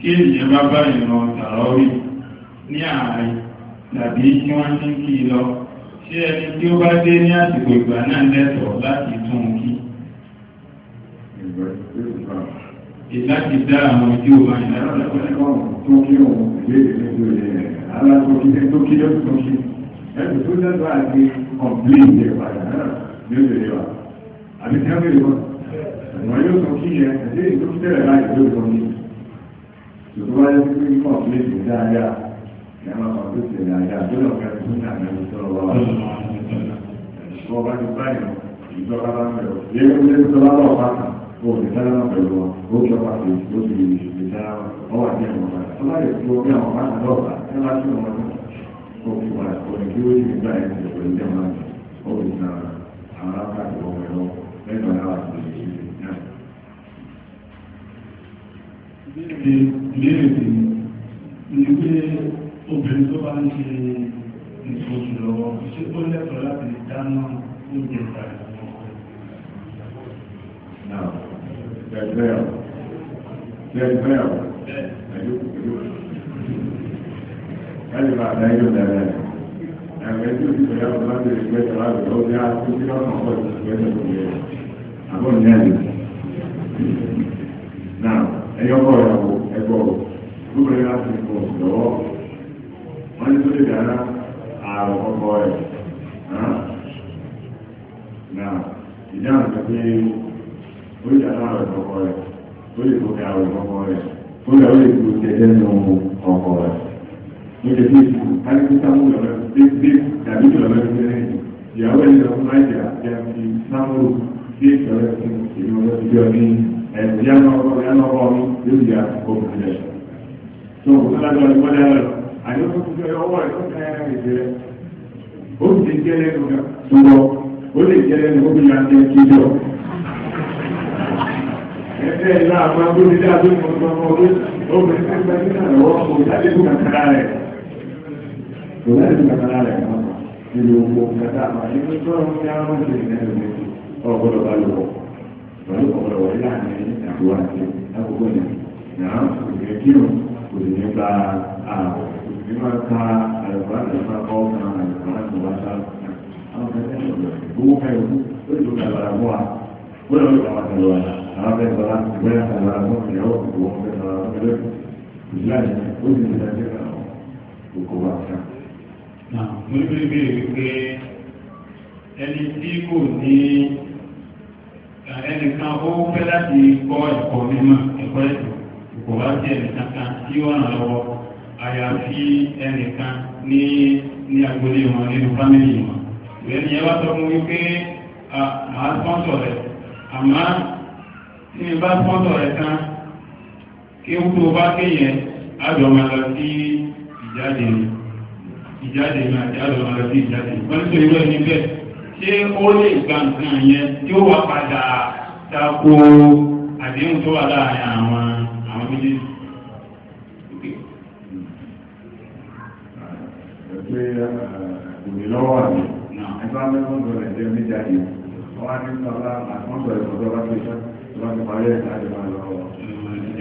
tí èèyàn bá bá ìran tàrọ́rì ní ààrin tàbí tí wọ́n ti ń kí i lọ ṣé ẹni tí ó bá dé ní àsìkò ìgbà náà lẹ́tọ̀ọ́ láti tún un kí. ìláti dá àwọn tí ó máa ń yára lọ́wọ́ tó kí òun ìbéèrè nínú ilé alákòókè tó kí ló tó kí ẹni tó lẹ́tọ̀ọ́ àti kọ̀m̀pléǹ yẹn padà náà ló lè wà àbí tí wọ́n bèrè wọn. àwọn yóò tó kí yẹn ẹ̀dẹ́ ìdókítẹ́rẹ̀ láì ló tó kí wá yẹ kí kọ̀ lè dùn dáadáa ní àwọn ọmọ tó tẹ̀lé àyà tó lọ fẹ́ fún ìlànà ìlú sọ̀rọ̀ wa. Wọ́n bá ti báyìí ìjọba bá ń bẹ̀rù. Yẹ́n ló ń sọ lábọ̀ ọ̀pá kan, o ti sára náà pẹ̀lú wa, o ti ọ̀pá kan, o ti lè sára wa, ọ wà ní ẹ̀wọ̀n kan. Ọlá yẹ kí o àwọn ọ̀pá kan lọ́ọ̀pá, ẹ má sí ọmọ náà. O ti wà òní kí o ti gbà ẹ̀ ṣe ìlérè sí ni pé obìnrin tó bá ń ṣe nǹkan oṣù lọ́wọ́ ṣé ó lẹ́tọ̀ọ́ láti dáná oúnjẹ tàbí Now, that's there. That's there. Ẹ̀yọ́ ẹ̀yọ́. Ẹ̀yọ́ bá dáyọ̀ dára. Ẹ̀yọ́ tí ó ti sọ̀rọ̀ àwọn ọmọdé ìgbẹ́ tọ́lá lọ́wọ́ ó ní àtúntí ọkàn ọ̀pọ̀ ìgbẹ́ tọ́lá lọ́wọ́. Àbọ̀ ní àjẹ́ ẹ̀yọ́kọ̀ ìyàwó ẹ̀gbọ́ lóbìnrin láti kò lọ́wọ́ wọ́n ní tó lè dáná ààrùn ọkọ̀ ẹ̀ náà ìdáhùn tó ó lè dáná ààrùn ọkọ̀ ẹ̀ ó lè kókè ààrùn ọkọ̀ ẹ̀ ó lè ó lè kó jẹjẹ nù ọkọ̀ ẹ̀ mo jẹ bí ìsìnkú káyọ̀ sáwọn ìlọ́mọ bí tàbí ìlọ́mọ bí tẹ́lẹ̀ ìyàwó ẹ̀ lọ́kùnrin láìjà jẹ́ fi sáwọn ìlọ́mọ bí ìlọ́mọ bí ọdún ẹ̀yà ọkọ̀ ìyá àwọn ìlú tó ń yára ó ti rìn ẹ̀rù ọ̀gbọ́dọ̀ bá lọ́wọ́ pẹ̀lú ọ̀pọ̀lọpọ̀ wọlé láàrin ìyàwó àti àkókò yẹn yàrá kò ní kírun kò sì ní gba ààbò kò sì ní máa ka àlùkò àti ìfakọ́ kan àlùkò àti ìwáṣà àwọn ẹgbẹ́ ìṣòro owó káyọ̀ ó ti lóka ìbára fún wa wọ́n lọ́ọ́ ìgbà wọn lọ́wọ́ àwọn ẹgbẹ́ ìbára ìgbẹ́ ìbára fún ìyàwó ìgbò wọn fẹ́ ìbára fún ẹgbẹ́ ìlànà ó sì ní ìdájọ́ ìgbà kókó wa kan. mo ní bí bí èrè pé ẹni tí kò ní ẹnìkan ó fẹ́ láti kọ́ ẹ̀kọ́ mímọ̀ ẹ̀kọ́ ẹ̀kọ́ kò wá sí ẹnìkan kan tí ó ràn lọ́wọ́ àyàfi ẹnìkan ní ní agbolé wọn nínú fámìlì wọn ìrẹ́ni ẹ wá sọ fún wípé màá sponsor rẹ̀ àmọ́ tí mi bá sponsor rẹ̀ tán kí ó tó bá kéyẹn àjọ máa lọ sí ìjáde ìjáde máa jẹ́ àjọ máa lọ sí ìjáde wọ́n ní sọ ìwé ẹni bẹ́ẹ̀ ṣé ó lè gba nǹkan yẹn tí ó wà padà tako àdéhùn tó wà láàrin àwọn àwọn méjèèjì. pé òmìnirọ́ wà ní ẹgbẹ́ amẹ́kọ̀ọ́dọ̀ rẹ̀ jẹ́ méjàdì wọ́n á ní sọ́lá àkọ́ńtọ̀ ìfọ̀dọ̀ bá ti sá tó bá ti parí ẹ̀ láti máa lọ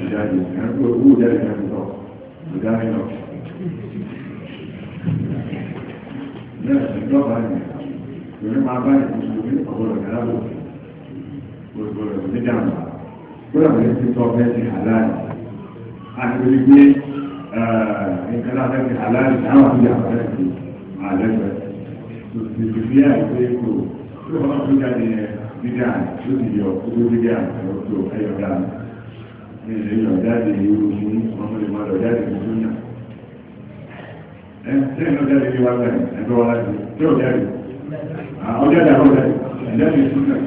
ìjáde ẹ̀kú owó jáde náà sọ ìdáhìn lọ. Bẹ́ẹ̀ ni ìjọba yẹn ìrìn máa bá ìmùsùlùmí ọ̀gbọ̀rọ̀ ìyàlábò gbogbo rẹ̀ ní jàmbá láti ti jáde ọjọ́ ìdàgbọ́ rẹ̀ ẹ̀jẹ̀ ti sùn náà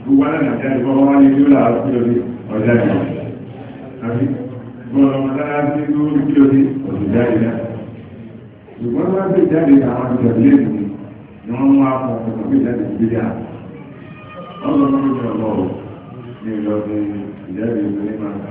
gbogbo alẹ́ nàìjíríà ti bọ́ wá ní ìlú làárọ̀ kí lóde ọjà ìdàgbọ́ àbí bọ́ọ̀lù ọmọdára ti ń lórí kí lóde ọ̀dùnjá ìdá ṣùgbọ́n wọ́n gbé jáde àwọn ìjọ̀bílẹ̀ ìdùnnú ni wọ́n mú akọ ọ̀pọ̀ gbé jáde ìgbéga ọlọ́run ló ń bọ̀ ní ìlọ́dún ìjáde ìgbéga